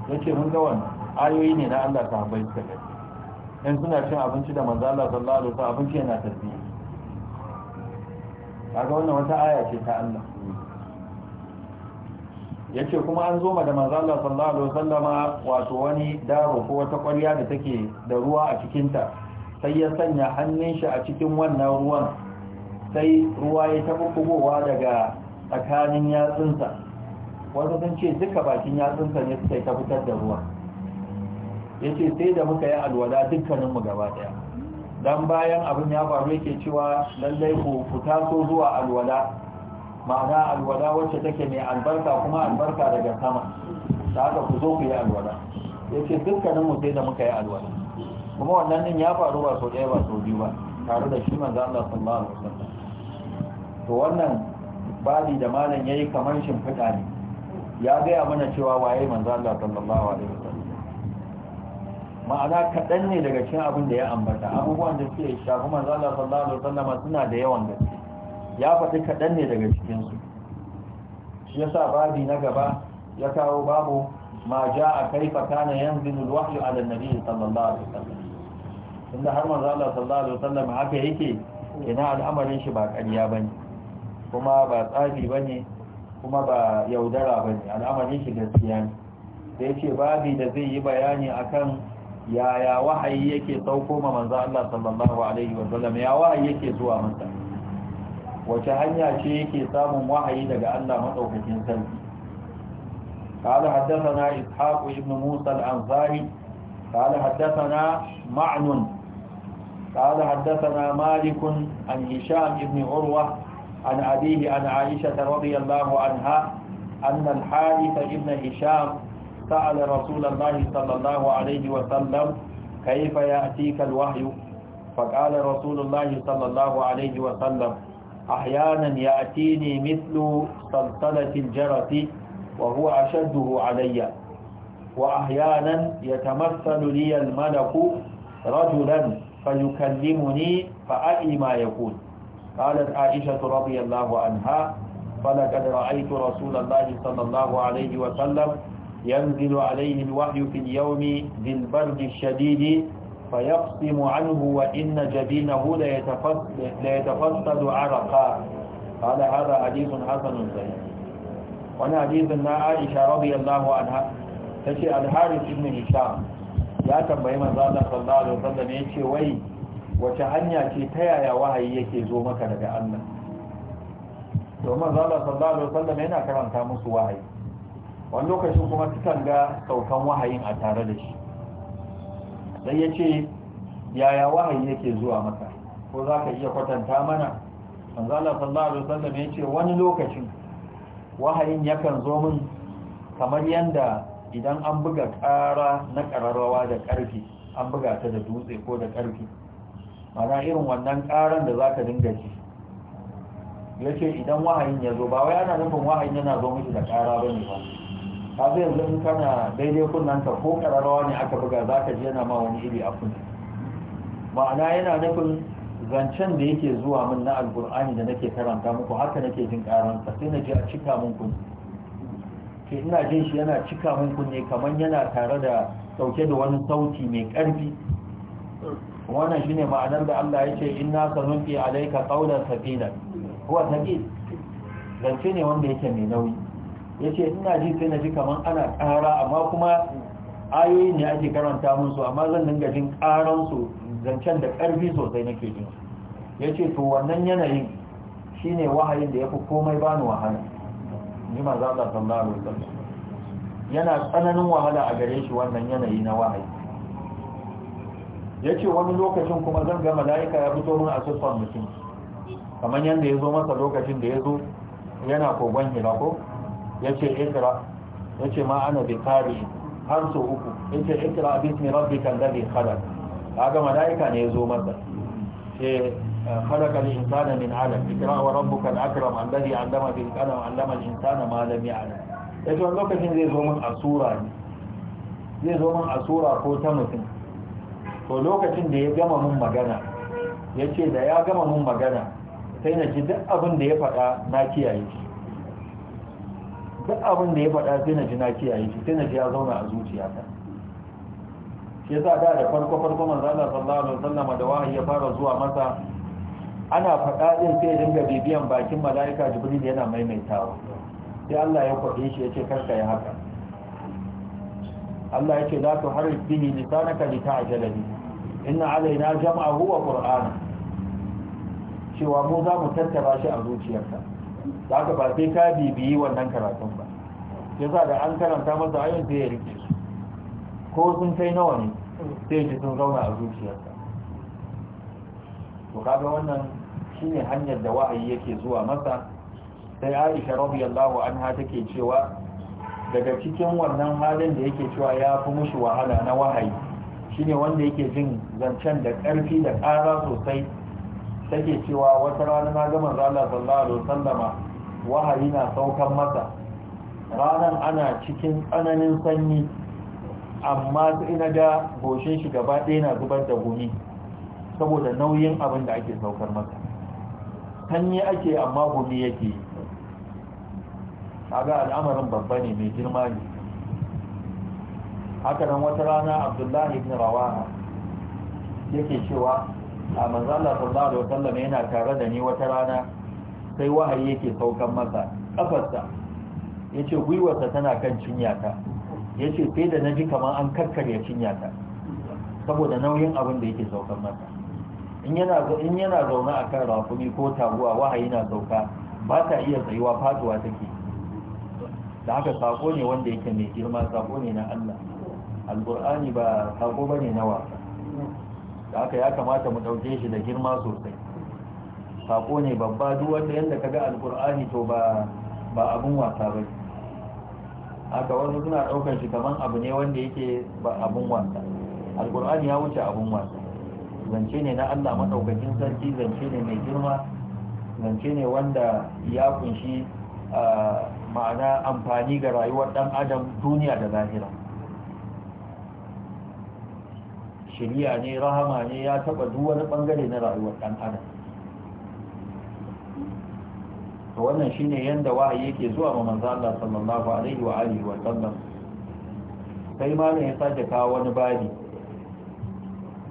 Speaker 1: yace mun ga wannan ayoyi ne na Allah ta suka gani in suna cin abinci da manzo Allah sallallahu alaihi wasallam abinci yana tarbi kaga wannan wata aya ce ta Allah yace kuma an zo ma da manzo Allah sallallahu alaihi wasallama wato wani daro ko wata ƙwarya da take da ruwa a cikin ta sai ya sanya hannun shi a cikin wannan ruwan sai ruwa ya taɓa kugowa daga tsakanin yatsunsa wasu sun ce duka bakin yatsunsa ne suka ta fitar da ruwa ce sai da muka yi alwada dukkanin mu gaba daya dan bayan abin ya faru yake cewa lallai ku fita so zuwa alwada ma'ana alwada wacce take mai albarka kuma albarka daga sama da haka ku zo ku yi alwada. ya dukkanin mu sai da muka yi alwada. kuma wannan din ya faru ba so daya ba so biyu ba tare da shi manzo Allah sallallahu alaihi wasallam to wannan babi da malam yayi kamar shin fada ne ya ga mana cewa waye manzo Allah sallallahu alaihi wasallam ma'ana kaɗan ne daga cikin abin da ya ambata abubuwan da suke shafi manzo Allah sallallahu alaihi wasallam suna da yawan gaske ya faɗi kaɗan ne daga cikin su shi yasa babi na gaba ya kawo babu ma jaa kaifa kana yanzilu alwahyu ala nabi sallallahu alaihi wasallam inda har manzo Allah sallallahu alaihi wasallam haka yake ina al'amarin shi ba ƙarya bane kuma ba tsafi bane kuma ba yaudara bane al'amarin shi gaskiya ne da ce babi da zai yi bayani akan yaya wahayi yake sauko ma manzo Allah sallallahu alaihi sallam? ya wahayi yake zuwa manta? wace hanya ce yake samun wahayi daga Allah madaukakin sarki قال حدثنا إسحاق بن موسى الأنصاري قال حدثنا معن قال حدثنا مالك عن هشام بن عروة عن أبيه عن عائشة رضي الله عنها أن الحارث بن هشام سأل رسول الله صلى الله عليه وسلم كيف يأتيك الوحي فقال رسول الله صلى الله عليه وسلم أحيانا يأتيني مثل صلصلة الجرس وهو أشده علي وأحيانا يتمثل لي الملك رجلا فيكلمني فأي ما يقول قالت عائشة رضي الله عنها فلقد رأيت رسول الله صلى الله عليه وسلم ينزل عليه الوحي في اليوم ذي البرد الشديد فيقسم عنه وإن جبينه ليتفسد عرقا قال هذا حديث حسن صحيح وانا حديث ان عائشة رضي الله عنها تشي الحارث ابن هشام يا تنبهي من زاد صلى الله عليه وسلم يشي وي wace شي تيا يا وهي wahayi زو zo بأن daga Allah domin zalla sallallahu alaihi wasallam yana karanta musu wani lokacin kuma sukan ga saukan wahayin a tare da shi sai ya ce yaya wahayi yake zuwa maka ko za ka iya kwatanta mana manzala sallallahu alaihi ya ce wani lokacin wahayin yakan zo min kamar yadda idan an buga ƙara na ƙararrawa da ƙarfi an buga ta da dutse ko da ƙarfi mana irin wannan ƙaran da za ka dinga ji ya ce idan wahayin ya zo ba wai ana nufin wahayin yana zo mishi da kara ba ne ba ba zai yanzu kana daidai kunnanta ko kararrawa ne aka buga za ka yana ma wani iri a kunne ma'ana yana nufin zancen da yake zuwa min na alkur'ani da nake karanta muku haka nake jin karanta sai na ji a cika min kunne ke ina jin shi yana cika min kunne kamar yana tare da dauke da wani sauti mai karfi wannan shine ma'anar da Allah ya ce inna sanunfi alayka qawlan thaqila huwa thaqil zance ne wanda yake mai nauyi ya ce ina ji sai na ji kamar ana ƙara amma kuma ayoyin ne ake karanta musu amma zan dinga jin su zancen da karfi sosai nake jin ya ce to wannan yanayin shi ne wahayin da ya fi komai bani wahala ni ma za ba tambaya yana tsananin wahala a gare shi wannan yanayi na wahayi ya ce wani lokacin kuma zan ga mala'ika ya fito mun a sassan mutum kamar yadda ya zo masa lokacin da ya zo yana kogon hira ko yace ikra yace ma ana bi kari har so uku yace ikra bismi rabbika alladhi khalaq kaga malaika ne ya zo masa ce خلق الإنسان من علم اقرأ وربك الأكرم الذي علم بالقلم علم الإنسان ما لم يعلم yace wani lokacin zai zo min a sura ne zai zo min asura ko ta mutum to lokacin da ya gama mun magana ya ce da ya gama mun magana sai na ji duk abin da ya faɗa na kiyaye shi duk abin da ya faɗa sai na ji na kiyaye shi sai na ji ya zauna a ta. shi yasa da da farko farko manzo Allah sallallahu alaihi wasallam da wahayi ya fara zuwa masa ana faɗa din sai ya dinga bibiyan bakin malaika Jibril yana maimaitawa sai Allah ya kwaɗe shi ya ce karka yi haka Allah ya ce za har bihi lisanaka li ta'jala bi inna alaina jam'ahu wa qur'ana cewa mu za mu tattara shi a zuciyarka da aka ba sai ka bibiyi wannan karatun ba ya sa da an karanta masa ayon sai ya rike su ko sun kai nawa ne sai ji sun zauna a zuciyarsa to kaga wannan shine hanyar da wa'ayi yake zuwa masa sai Aisha an anha take cewa daga cikin wannan halin da yake cewa ya fi mushi wahala na wahayi shine wanda yake jin zancen da ƙarfi da ƙara sosai take cewa wata rana na gama zala sallallahu alaihi wasallama wahayi na saukan masa ranar ana cikin tsananin sanyi amma sai na ga goshin shi gaba ɗaya na zubar da gumi saboda nauyin abin da ake saukar masa sanyi ake amma gumi yake yi kaga al'amarin babba ne mai girma ne haka nan wata rana abdullahi ibn rawaha yake cewa a manzala sallallahu alaihi wasallam yana tare da ni wata rana sai wahayi yake saukan masa kafarsa yace gwiwarsa tana kan cinyata yace sai da naji kamar an karkarya cinyata saboda nauyin abin da yake saukan masa in yana in yana kan akan rafumi ko taguwa wahayi na sauka ba ta iya tsayuwa faduwa take da haka sako ne wanda yake mai girma sako ne na Allah alqur'ani ba sako bane na wasa da haka ya kamata mu dauke shi da girma sosai sako ne babba duk wanda yanda kaga alkur'ani to ba ba wasa ba haka wasu suna ɗaukar shi kaman abu ne wanda yake ba abun wasa alkur'ani ya wuce abun wasa zance ne na Allah madaukakin sarki zance ne mai girma zance ne wanda ya kunshi ma'ana amfani ga rayuwar dan adam duniya da lahira shari'a ne rahama ne ya taba duk wani bangare na rayuwar dan adam to wannan shine yanda wahayi yake zuwa ga manzo Allah sallallahu alaihi wa alihi wa sallam sai malam ya sake kawo wani babi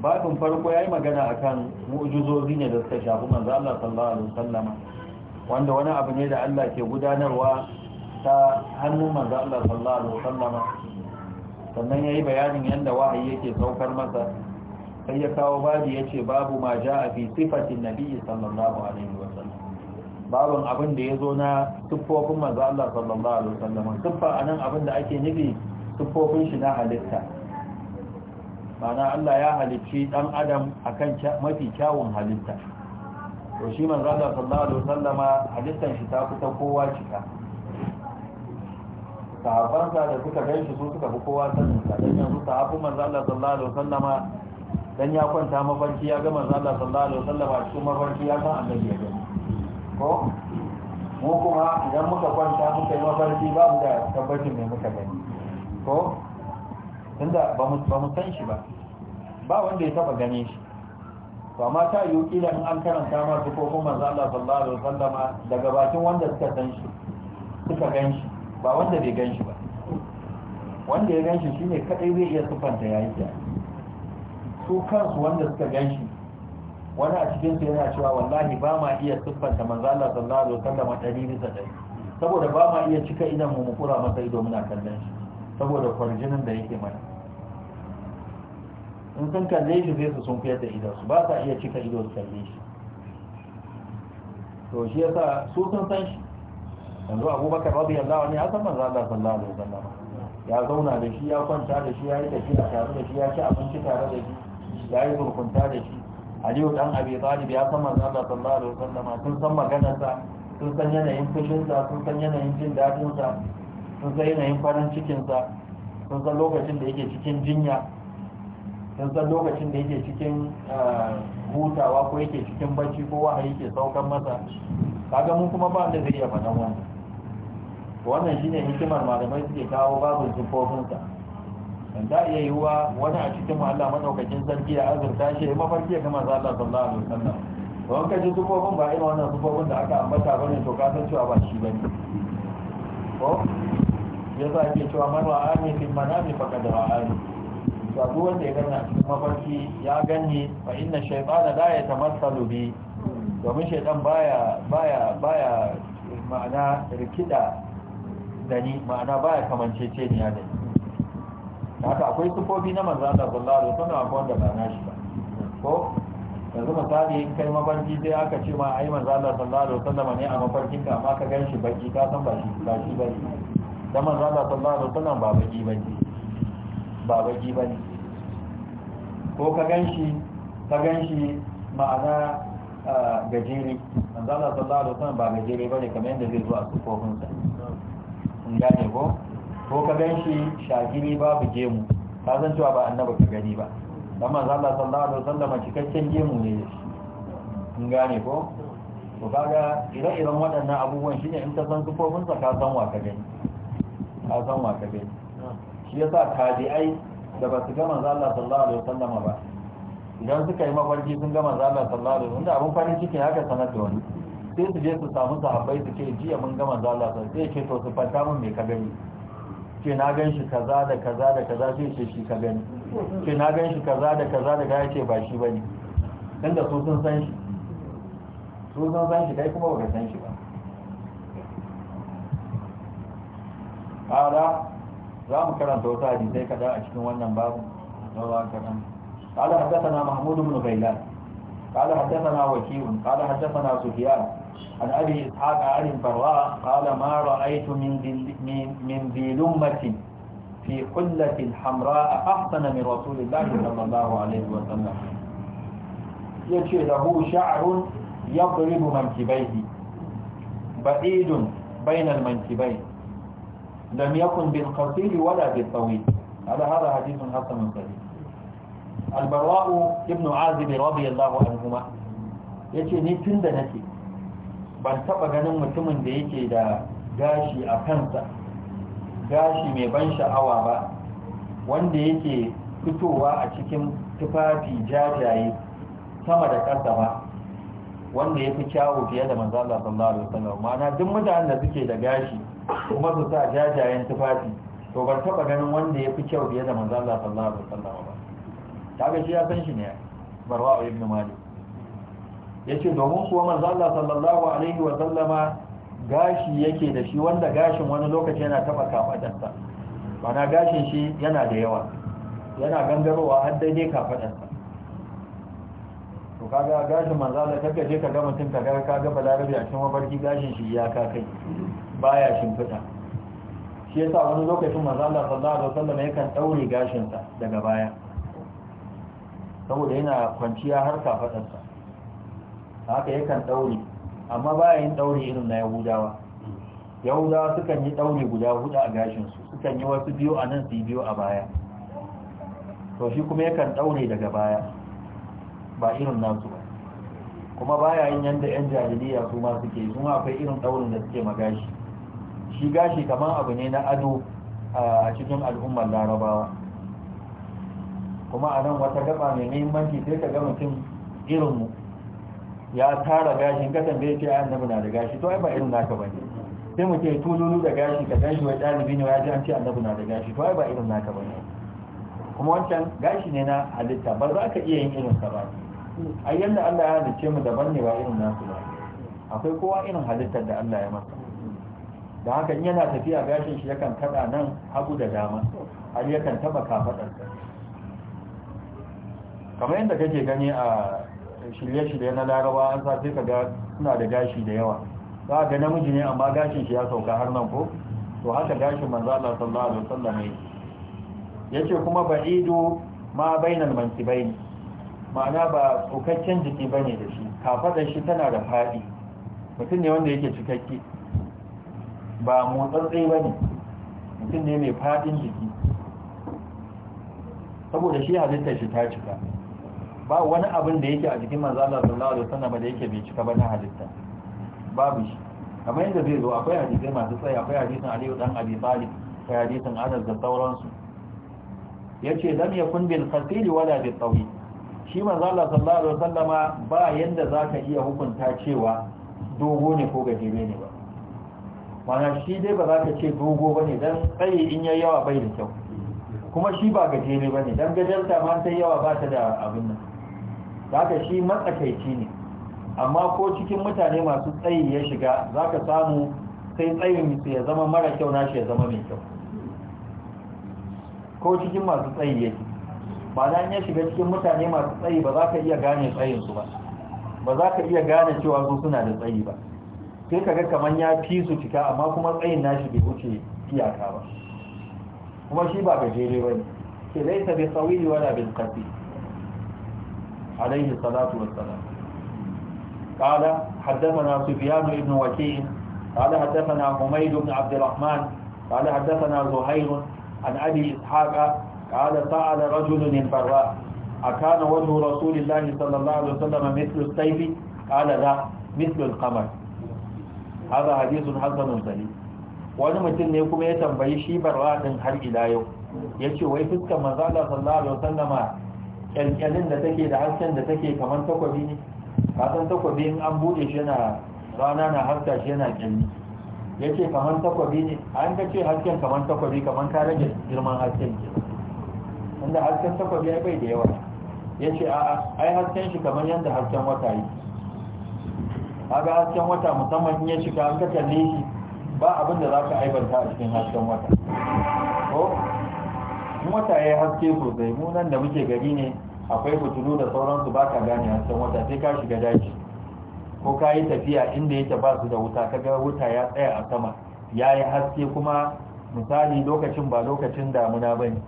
Speaker 1: babin farko yayi magana akan mu'jizozi ne da suka shafi manzo Allah sallallahu alaihi wa sallama wanda wani abu ne da Allah ke gudanarwa ta hannun manzo Allah sallallahu alaihi wa sallama sannan yayi bayanin yanda wahayi yake saukar masa sai ya kawo babi yace babu ma jaa fi sifatin nabi sallallahu alaihi wa babin abin da ya zo na tuffofin manzo Allah sallallahu alaihi wasallam siffa anan abin da ake nufi tuffofin shi na halitta mana Allah ya halicci dan adam akan mafi kyawun halitta to shi manzo Allah sallallahu alaihi wasallam halittan shi ta fita kowa cika sahabansa da suka gan shi su suka fi kowa sanin sa dan yanzu sahabban manzo Allah sallallahu alaihi wasallam dan ya kwanta mafarki ya ga manzo Allah sallallahu alaihi wasallam cikin mafarki ya san annabi ya gani ko mu kuma idan muka kwanta muka yi mafarki ba mu da tabbacin mai muka gani ko tunda ba mu san shi ba ba wanda ya taba gane shi to amma ta yi kila in an karanta ma su ko kuma manzo Allah sallallahu alaihi wasallama daga bakin wanda suka san shi suka gan shi ba wanda bai gan shi ba wanda ya gan shi shine kadai zai iya sufanta yayi da su kansu wanda suka gan shi wani a cikin su yana cewa wallahi ba ma iya siffanta manzo Allah sallallahu alaihi wasallam ɗari bisa ɗari saboda ba ma iya cika idan mu mukura masa ido muna kallon shi saboda kwarjinin da yake mana in sun kalle shi zai su sun fiye da ido su ba sa iya cika ido su kalle shi to shi yasa su sun san shi yanzu abubakar radiyallahu anhu ya san manzo Allah sallallahu alaihi wasallam ya zauna da shi ya kwanta da shi ya yi tafiya tare da shi ya ci abinci tare da shi ya yi burkunta da shi aliyu dan abi talib ya san manzo Allah sallallahu alaihi wasallam sun san maganarsa sun san yanayin sa sun san yanayin jin sa sun san yanayin farin cikinsa sun san lokacin da yake cikin jinya sun san lokacin da yake cikin eh, hutawa ko yake cikin bacci ko wa yake saukan masa kaga mun kuma ba da zai iya faɗan wannan wannan shine hikimar malamai suke kawo babin sa da iya yiwuwa wani a cikin Allah madaukakin sarki ya azurta shi ya mafarki ya gama zalla sallallahu alaihi wasallam wani kaji sufofin ba irin wannan sufofin da aka ambata ba ne to ka san cewa ba shi ba ne ko ya sa ke cewa man wa ami fi manami fa kad wa ami to duk wanda ya gana cikin mafarki ya gani fa inna ya ta yatamassalu bi domin shaytan baya baya baya ma'ana rikida da ni ma'ana baya kamance da ni haka akwai sufofi na manzan da sallallahu da wasallam akwai wanda ba shi ba ko yanzu misali in kai mafarki sai aka ce ma ai manzan da sallallahu da wasallam ne a mafarkin ka amma ka ganshi baki ka san ba shi ba shi da manzan da Allah da alaihi ba baki ne ba baki ne ko ka ganshi ka shi ma'ana ah, gajere manzan da sallallahu da wasallam ba gajere bane kamar yadda zai zo a sufofinsa in gane ko ko ka gan shi shagiri babu gemu ka san cewa ba annaba ka gani ba dan manzo Allah sallallahu alaihi wasallam cikakken gemu ne in gane ko to ga ire-iren waɗannan abubuwan shine in ta san sufofin sa ka san wa ka gani ka san wa ka gani shi yasa tabi'ai da ba su ga manzo Allah sallallahu alaihi wasallam ba idan suka yi mafarki sun ga manzo Allah sallallahu alaihi wasallam da abun farin ciki haka sanar da wani sai su je su samu sahabbai su ce jiya mun ga manzo Allah sallallahu alaihi wasallam sai ce to su fata mun me ka gani ce na gan shi kaza da kaza da kaza sai ce shi ka gani ce na gan shi kaza da kaza da kaza ce ba shi bane dan su sun san shi su sun san shi kai kuma ka san shi ba ala za mu karanta wata hadisai kada a cikin wannan babu Allah ka kan قال حدثنا محمود بن غيلان قال حدثنا وكيع قال حدثنا سفيان عن أبي إسحاق عن البراء قال ما رأيت من ذي من ذي لمة في حلة حمراء أحسن من رسول الله صلى الله عليه وسلم يجي له شعر يضرب منكبيه بعيد بين المنكبين لم يكن بالقصير ولا بالطويل هذا هذا حديث حسن صحيح البراء ابن عازب رضي الله عنهما يجي ني تندنتي ban taba ganin mutumin da yake da gashi a kansa gashi mai ban sha'awa ba wanda yake fitowa a cikin tufafi jajaye sama da ƙasa ba wanda ya fi kyawu fiye da manzala sallallahu alaihi wasallam mana duk mutanen da suke da gashi kuma su sa jajayen tufafi to ban taba ganin wanda ya fi kyau fiye da manzala sallallahu alaihi wasallam ba kaga shi ya san shi ne barwa ibn malik ce domin kuwa manzo Allah sallallahu alaihi wa sallama gashi yake da shi wanda gashin wani lokaci yana taba kafadarsa bana gashin shi yana da yawa yana gangarowa har ne kafadarsa to kaga gashin manzo Allah kaga je kaga mutum ka kaga balarabi a cikin mabarki gashin shi ya ka kai baya shimfiɗa shi yasa wani lokacin manzo Allah sallallahu alaihi wa sallama yakan daure gashin sa daga baya saboda yana kwanciya har kafadarsa haka yakan daure amma bayan yin daure irin na yahudawa yahudawa sukan yi daure guda hudu a gashin su sukan yi wasu biyu a nan su biyu a baya to shi kuma yakan daure daga baya ba irin nasu ba kuma baya yin yanda yan jahiliya su ma suke su akwai irin daurin da suke magashi shi gashi kamar abu ne na ado a cikin al'ummar larabawa kuma a nan wata gaba mai muhimmanci sai ka ga mutum irinmu ya tara gashin kasan da yake ayyana muna da gashi to ai ba irin naka bane sai mu ce tululu da gashi ka gashi wai dalibi ne ya ji an ce annabi na da gashi to ai ba irin naka bane kuma wancan gashi ne na halitta ba za ka iya yin irin sa ba ai yanda Allah ya dace mu daban ne ba irin nasu ba akwai kowa irin halittar da Allah ya masa da haka in yana tafiya gashin shi yakan kada nan hagu da dama har yakan taba kafadar kamar yadda kake gani a shirye-shirye na laraba an sa sai ka ga suna da gashi da yawa za ga namiji ne amma gashin shi ya sauka har nan ko to haka gashin manzo Allah sallallahu alaihi wasallam ne yace kuma ba'idu ma bainal mansibain ma'ana ba tsokakken jiki bane da shi kafadar shi tana da fadi mutum ne wanda yake cikakke ba motsatsai bane mutum ne mai fadin jiki saboda shi halittar shi ta cika ba wani abin da yake a jikin manzo Allah sallallahu alaihi wasallam da yake bai cika ba na halitta babu shi kamar yadda zai zo akwai hadisai masu tsaye, akwai hadisin Aliyu dan Abi Talib akwai hadisin Anas da sauransu yace ya kun bil qatil wala bil tawi shi manzo Allah sallallahu alaihi wasallama ba yanda zaka iya hukunta cewa dogo ne ko gajere ne ba mana shi dai ba za ka ce dogo ba ne don in yayi yawa bai da kyau kuma shi ba gajere ba ne don gajarta ma sai yawa ba ta da abin nan haka shi matsakaici ne amma ko cikin mutane masu tsayi ya shiga za ka samu sai tsayin su ya zama mara kyau nashi ya zama mai kyau ko cikin masu tsayi yake ba na ya shiga cikin mutane masu tsayi ba za ka iya gane tsayinsu ba ba za ka iya gane cewa su suna da tsayi ba sai ka ga kamar ya fi su cika amma kuma tsayin nashi bai wuce iyaka ba kuma shi ba gajere ba ne ke laisa bai tsawili عليه الصلاة والسلام قال حدثنا سفيان بن وكيع قال حدثنا حميد بن عبد الرحمن قال حدثنا زهير عن أبي إسحاق قال سأل رجل البراء أكان وجه رسول الله صلى الله عليه وسلم مثل السيف قال لا مثل القمر هذا حديث حسن سليم wani mutum ne kuma ya tambayi shi barwa din har ila yau ya ce wai fuskar manzala sallallahu alaihi wasallama kyalkyalin da take da hasken da take kamar takwabi ne kasan takwabi in an bude shi yana rana na harka shi yana kyalli ya ce kamar takwabi ne an ka ce hasken kamar takwabi kamar ka rage girman hasken ke inda hasken takwabi ya bai da yawa ya ce a ai hasken shi kamar yadda hasken wata yi a ga hasken wata musamman in ya shiga an ka kyalli shi ba abin da za ka aibanta a cikin hasken wata wata ya haske sosai mu nan da muke gari ne akwai fitilu da sauransu ba ka gane hasken wata sai ka shiga daji ko ka yi tafiya inda yake ba su da wuta ka ga wuta ya tsaya a sama ya yi haske kuma misali lokacin ba lokacin damuna ba ne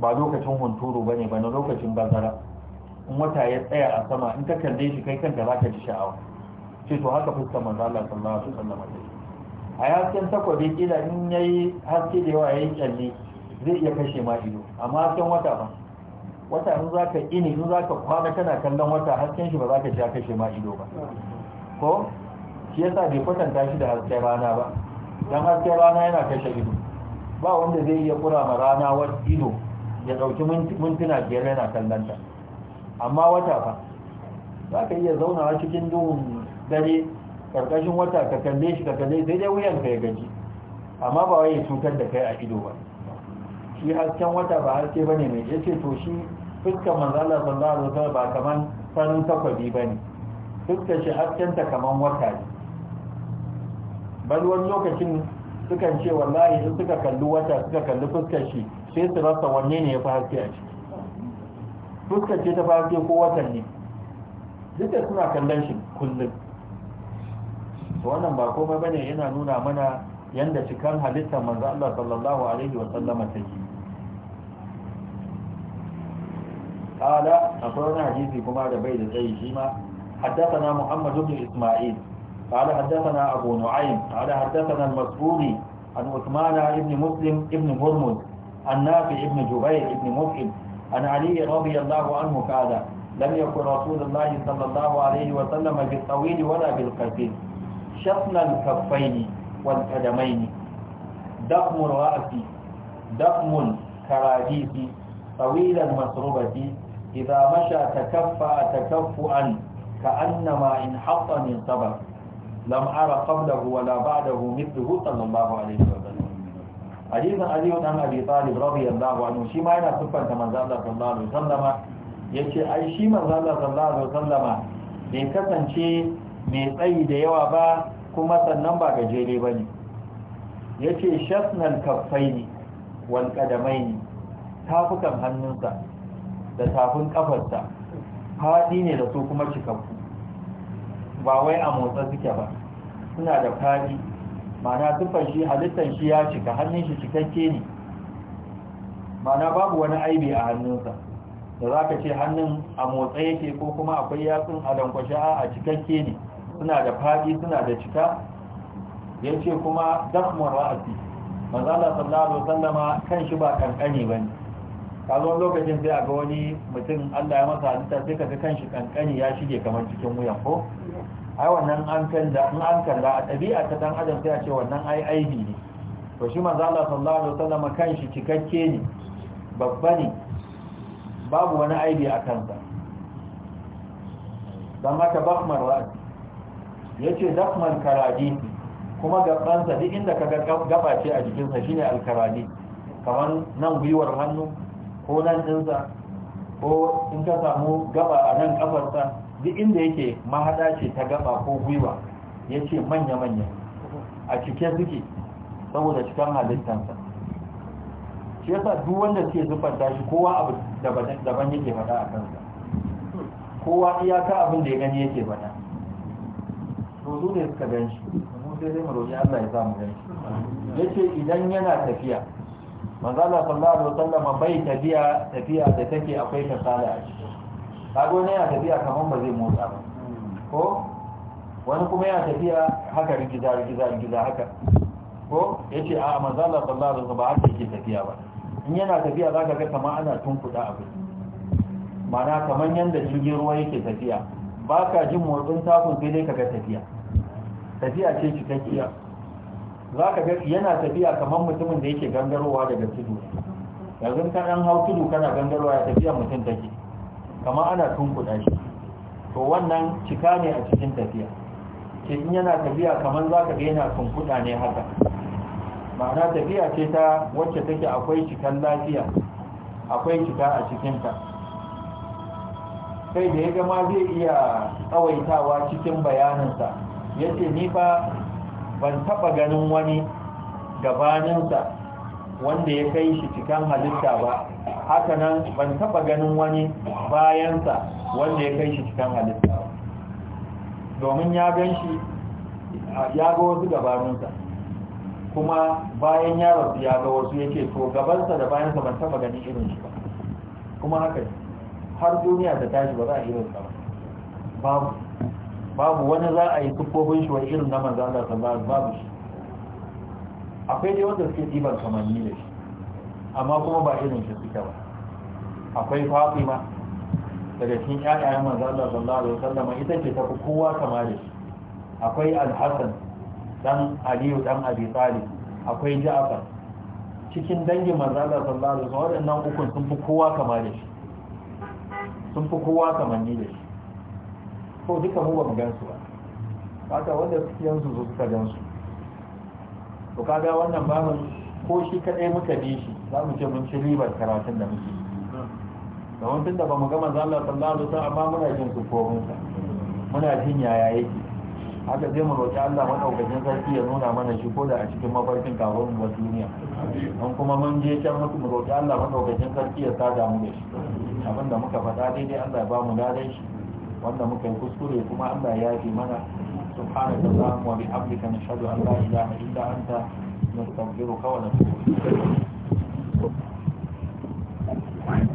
Speaker 1: ba lokacin hunturu ba ne ba na lokacin bazara in wata ya tsaya a sama in ka kalle shi kai kanka za ka ji sha'awa ce to haka fuskar manzo Allah sallallahu alaihi wasallam a hasken takwabi kila in yayi haske da yawa yayi kyalle zai iya kashe ma ido amma hasken wata ba wata in za ka ini in za ka kwana kana kallon wata hasken shi ba za ka ja kashe ma ido ba ko shi yasa bai kwatanta shi da hasken rana ba don hasken rana yana kashe ido ba wanda zai iya kura ma rana wa ido ya dauki mintuna biyar yana kallon ta amma wata ba za ka iya zaunawa cikin duhun dare ƙarƙashin wata ka kalle shi ka kalle sai dai wuyan ka ya gaji amma ba wai ya cutar da kai a ido ba shi hasken wata ba haske ba ne mai ya ce to shi fuskar manzala sallallahu a wasallam ba kaman farin takwabi ba ne fuskar shi haskenta kaman wata ne bal lokacin sukan ce wallahi su suka kalli wata suka kalli fuskar shi sai su rasa wanne ne ya fi haske a ciki fuskar ce ta fi haske ko watan ne duk da suna kallon shi kullum wannan ba komai bane yana nuna mana yanda cikan halittar manzo Allah sallallahu alaihi wa sallama take qala akwai wani hadisi kuma da bai da tsayi shi ma haddathana Muhammad ibn Isma'il qala haddathana Abu Nu'aym qala haddathana al-Masburi an Uthman ibn Muslim ibn Hurmuz an Nafi ibn Jubayr ibn Muf'im an Ali radiyallahu anhu qala لم يكن رسول الله صلى الله عليه وسلم بالطويل ولا بالقصير شطن الكفين والقدمين دقم الرأس دقم الكراجيس طويل المسروبة idza masha takaffa takaffuan ka'annama in hatta min sabr lam ara qablahu wa la ba'dahu mithluhu sallallahu alaihi wa sallam hadisin ali ibn abi talib radiyallahu anhu shi ma yana sufanta manzo Allah sallallahu alaihi wasallama yace ai shi manzo Allah sallallahu alaihi wasallama bai kasance mai tsayi da yawa ba kuma sannan ba gajere bane yace shasnal kaffaini wal qadamaini tafukan hannunsa da tafin kafarsa faɗi ne da su kuma cikakku ba wai a motsa suke ba suna da faɗi mana tufan shi halittar shi ya cika hannun shi cikakke ne mana babu wani aibi a hannunsa da za ka ce hannun a motsa yake ko kuma akwai yatsun a dankwashi a cikakke ne suna da faɗi suna da cika ya ce kuma dakmar ra'asi manzala sallallahu alaihi wasallama kan shi ba kankane bane kazo lokacin sai a ga wani mutum Allah ya masa halitta sai ka ga kanshi kankani ya shige kamar cikin wuyan ko ai wannan an kalla in an kalla a ɗabi'a ta dan adam sai a ce wannan ai aibi ne to shi manzo Allah sallallahu alaihi wasallam kanshi cikakke ne babba ne babu wani aibi a kansa dan haka bakmar ya ce dakmar karadi kuma gabansa duk inda kaga gaba ce a jikinsa shine alkarani kamar nan gwiwar hannu ko nan ɗinsa ko in ka samu gaba a nan kafarsa duk inda yake mahaɗa ce ta gaba ko gwiwa ya ce manya-manya a cike suke saboda cikin halittansa shi yasa duk wanda suke zufanta shi kowa abu daban yake faɗa a kansa kowa iyaka abin da ya gani yake faɗa rozu ne suka gan shi sai dai mu roƙi Allah ya samu gan shi ce idan yana tafiya manzala sallallahu alaihi wasallam bai tafiya tafiya da take akwai kasala a ciki kago ne ya tafiya kaman ba zai motsa ba ko wani kuma ya tafiya haka rigiza rigiza rigiza haka ko yace a manzala sallallahu alaihi wasallam ba haka yake tafiya ba in yana tafiya zaka ga kaman ana tunkuda abu mana kaman yanda jirgin ruwa yake tafiya ba ka jin motsin takun sai dai kaga tafiya tafiya ce cikakkiya za ka ga yana tafiya kamar mutumin da yake gangarowa daga tudu yanzu ka ɗan hau tudu kana gangarowa ya tafiya mutum take kamar ana kuɗa shi to wannan cika ne a cikin tafiya ce in yana tafiya kamar za ka ga yana kuɗa ne haka ma'ana tafiya ce ta wacce take akwai cikan lafiya akwai cika a cikinta sai da ya gama zai iya tsawaitawa cikin bayaninsa yace ni fa ban taba ganin wani gabaninsa wanda ya kai shi cikin halitta ba haka nan ban taba ganin wani bayansa wanda ya kai shi cikin halitta ba domin ya gan shi ya ga wasu gabaninsa kuma bayan ya ya ga wasu yake to gabansa da bayansa ban taba ganin irin shi ba kuma haka har duniya ta tashi ba za a yi irin ba babu babu wani za a yi tuffofin shi wani irin na manzan a ta babu shi akwai dai wanda suke ɗiban kamanni da shi amma kuma ba irin shi suke ba akwai ma. daga cikin ƴaƴayen manzan Allah sallallahu alaihi wasallam ita ce ta fi kowa kama da shi akwai al-hasan dan aliyu dan abi talib akwai ja'far cikin dangin manzan Allah sallallahu alaihi wasallam waɗannan ukun sun fi kowa kama da shi sun fi kowa kamanni da shi ko duka mu ba mu gan su ba haka wanda su yanzu zo suka gan su to kaga wannan babu ko shi kadai muka bi shi za mu ce mun ci ribar karatun da muke da tun tunda ba mu gama Allah sallallahu alaihi wasallam amma muna jin sufofin sa muna jin yaya yake haka zai mu roƙi Allah madaukakin sarki ya nuna mana shi ko da a cikin mafarkin kafin mu duniya an kuma mun je can mutum mu roƙi Allah madaukakin sarki ya sada mu da shi abinda muka faɗa daidai Allah ya ba mu ladan shi wanda muka yi kuskure kuma Allah ya yi mana subhanaka allahumma wa bihamdika nashhadu an la ilaha illa anta nastaghfiruka wa natubu ilayk